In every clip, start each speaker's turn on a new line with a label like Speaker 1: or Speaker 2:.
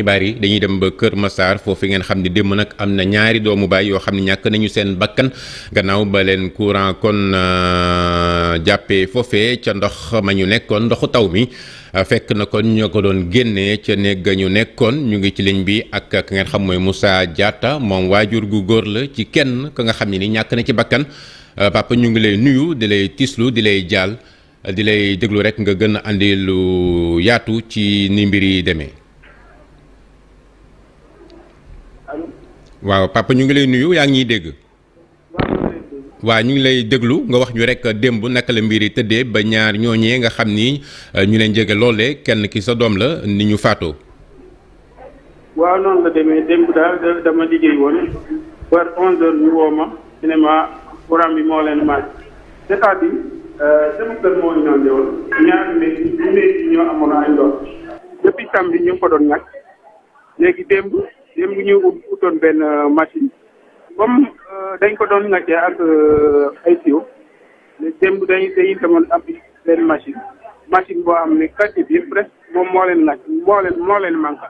Speaker 1: xibaar yi dañuy dem ba Kër Massar foofu ngeen xam ne démb nag am na ñaari doomu baay yoo xam ne ñàkk nañu seen bakkan gannaaw ba leen courant kon euh, jàppe foofe ca ndox ma ñu nekkoon ndoxu taw mi euh, fekk na kon ñoo ko doon génnee ca néeg ñu nekkoon ñu ngi ci ligne bi ak ka ngeen xam mooy Moussa Diatta moom waajur gu góor la ci kenn ka nga xam ne ni ñàkk na ci bakkan euh, papa ñu ngi lay nuyu di lay tislu di lay jaal di lay déglu rek nga gën a andi lu yaatu ci ni mbir yi demee. waaw papa ñu ngi lay nuyu yaa ngi ñuy dégg. waaw ñu ngi lay déglu nga wax ñu rek démb naka la mbir yi tëddee ba ñaar ñooñee nga xam ni euh, ñu leen jege loolee kenn ki sa doom la ni ñu faatoo.
Speaker 2: waaw noonu la demee démb daal dama liggéey woon par 11h ñu bi moo leen màcc c'est-à-dire euh, sama kër moo inondé woon ñaari néeg yi néeg yi ñoo amoon ay ndox depuis samedi ñu ngi ko léegi démb. même ñu utoon benn euh, machine comme euh, dañ ko doon ngacce ak euh, ay siwo léegi démb dañuy dañuy demoon am machine machine boo xam ne quartier bi yëpp presque moom moo leen ngacc moo leen moo leen manqué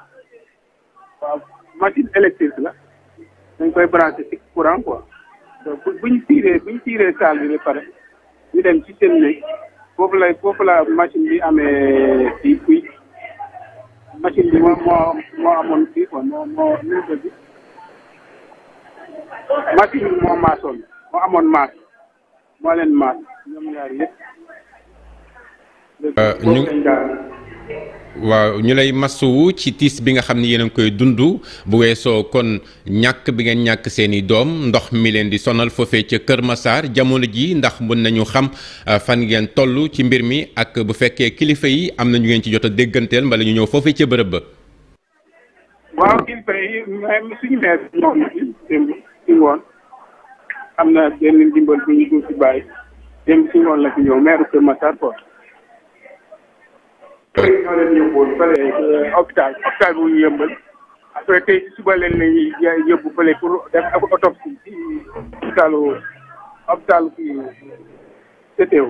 Speaker 2: waaw machine électrique la dañ koy branché ci courant quoi donc bu ñu tiiree bu ñu tiiree salle bi pare ñu dem ci seen néeg foofu lay foofu la machine bi amee fii fii. Mwen anman pe kon, mwen anman yon sebi. Mwen anman mas, mwen anman mas, mwen anman mas, nyon miyari.
Speaker 1: waaw ñu lay masuwu ci tiis bi nga xam ni yéen a koy dund bu weesoo kon ñàkk bi ngeen ñàkk seeni doom ndox mi leen di sonal foofee ca Kër Massar jamono ji ndax mën nañu xam ah, fan ngeen toll ci mbir mi ak bu fekkee kilifa yi am na ñu ngeen ci jot a dégganteel mbala ñu ñëw foofee ca bërëb ba.
Speaker 2: waaw ñëw na ci démb si ngoon tey ñoo leen yóbbuwoon fële hôpital hôpital bu ñu yëmbal après tey ci suba leen lañuy yóbbu fële pour def autopsie ci hôpitalu hôpital kii CTO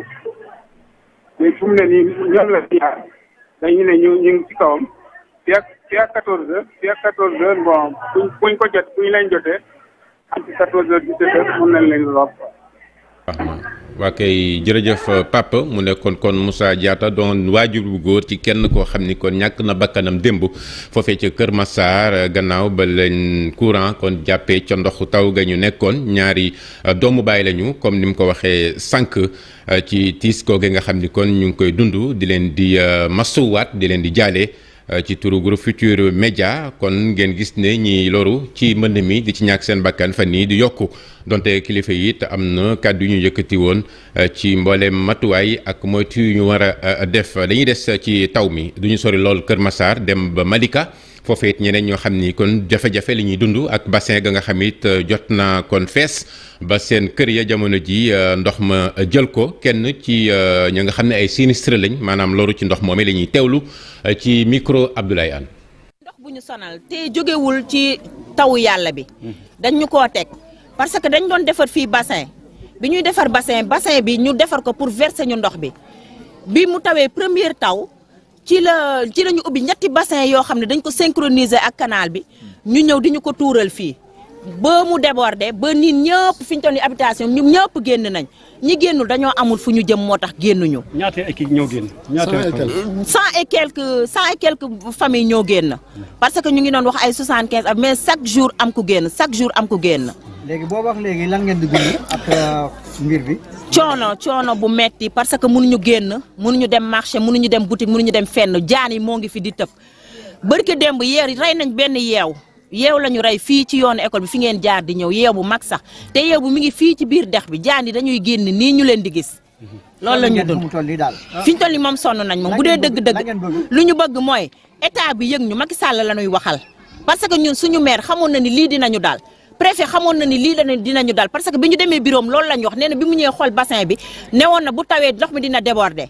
Speaker 2: léegi fu mu ne nii ñoom la ñu dañu ne ñu ñu ngi ci kawam fii ak fii bon buñ buñ ko jot buñ leen jotee am ci quatorze heures dix-sept heures mën nañ leen lor.
Speaker 1: waa kay jërëjëf euh, Papa mu nekkoon kon kon Moussa jaata doon waajur bu góor ci kenn koo xam ni kon ñàkk na bakkanam démb foofee ca Kër Massar euh, gannaaw ba lañ courant kon jàppee ca ndoxu taw ga ñu nekkoon ñaari euh, doomu baay lañu comme ni mu ko waxee sànq ci tiis koo nga xam ni kon ñu ngi koy dund di leen di masuwaat di leen di jaalee Euh, ci turu groupe Futurs Médias kon ngeen gis ne ñi loru ci mbënd mi di ci ñàkk seen bakkan fan yii di yokku donte kilifa yi te am na kàddu yu ñu yëkkati woon euh, ci mbooleem matuwaay ak moytu yu ñu war a euh, def dañuy des ci taw mi du ñu sori lool Kër Massar dem ba Malika. foofee it ñeneen ñoo xam ni kon jafe-jafe li ñuy dund ak bassin ga nga xam it euh, jot naa kon fees ba seen kër ya jamono ji euh, ndox ma jël ko kenn ci euh, ña nga xam ne ay sinistre lañ maanaam loru ci ndox moomee lañuy ñuy teewlu ci micro Abdoulaye Anne.
Speaker 3: ndox bu ñu sonal te jógewul ci taw yàlla bi. dañ ñu koo teg parce que dañ doon defar fii bassin bi ñuy defar bassin bi ñu defar ko pour verser ñu ndox bi bi mu tawee première taw. ci la ci la ñu ubbi ñetti bassin yoo xam ne dañ ko synchroniser ak canal bi ñu ñëw di ñu ko tuural fii ba mu déborder ba nit ñëpp fi ñu toll nii habitation ñoom ñëpp génn nañ ñi génnul dañoo amul fu ñu jëm moo tax génnuñu.
Speaker 2: ñaata équipe ñoo génn. ñaata
Speaker 3: cent et quelques cent et quelques familles ñoo génn. parce que ñu ngi doon wax ay soixante quinze mais chaque jour am ku génn chaque jour am ku génn. léegi boo wax léegi lan ngeen di dund ak euh, mbir bi. coono coono bu metti parce que mënuñu génn mënuñu dem marché mënuñu dem boutique mënuñu dem fenn jaan yi moo ngi fi di tëb barki démb yeer rey nañ benn yeew yeew la ñu rey fii ci yoonu école bi fi ngeen jaar di ñëw yeew bu mag sax te yeew bu mi ngi fii ci biir dex bi jaan yi dañuy génn nii ñu leen di gis. loolu la ñuy dund fi ñu toll nii moom sonn nañ moom bu dee dëgg-dëgg lu ñu bëgg mooy état bi yëg ñu Macky Sall la ñuy waxal parce que ñun suñu maire xamoon na ni lii dinañu daal préfet xamoon na ni lii la dina dinañu dal parce que bi ñu demee bureau am loolu la ñu wax nee na bi mu ñëwee xool bassin bi newoon na bu tawee ndox mi dina déborder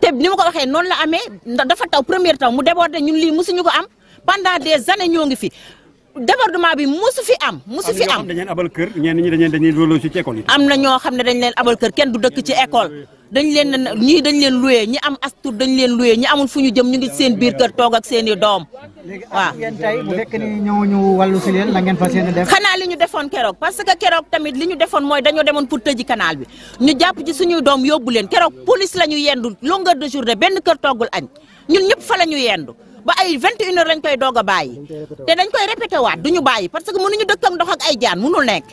Speaker 3: te ni ma ko waxee noonu la amee dafa taw première taw mu déborder ñun lii mosuñu ko am pendant des années ñoo ngi fi débordement bi mosu fi am. mosu fi am am
Speaker 2: na ñoo xam ne dañu leen abal kër
Speaker 3: am na ñoo xam ne dañu leen abal kër kenn du dëkk ci école. dañu leen ñii dañ leen loué ñi am astur dañ leen luye ñi amul fu ñu jëm ñu ngi seen biir kër toog seeni seen i doom waaw ngeen tey bu fekk ni ñëw ñu ngeen fas yéene xanaa li ñu defoon keroog parce que keroog tamit li ñu defoon mooy dañoo demoon pour tëji canal bi ñu jàpp ci suñuy doom yóbbu leen keroog police la ñu yendu longueur de journée benn kër toggul añ ñun ñëpp fa la ñu yendu ba ay 21 heures lañ koy doog a bàyyi te dañ koy répété waat ñu bàyyi parce que mënuñu dëkk ak ndox ak ay jaan u nekk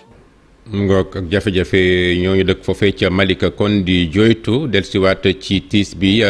Speaker 1: ngook ak jafe-jafe ñoo ñu dëkk foofee ca Malika kon di joytu dellusiwaat ci tiis bi.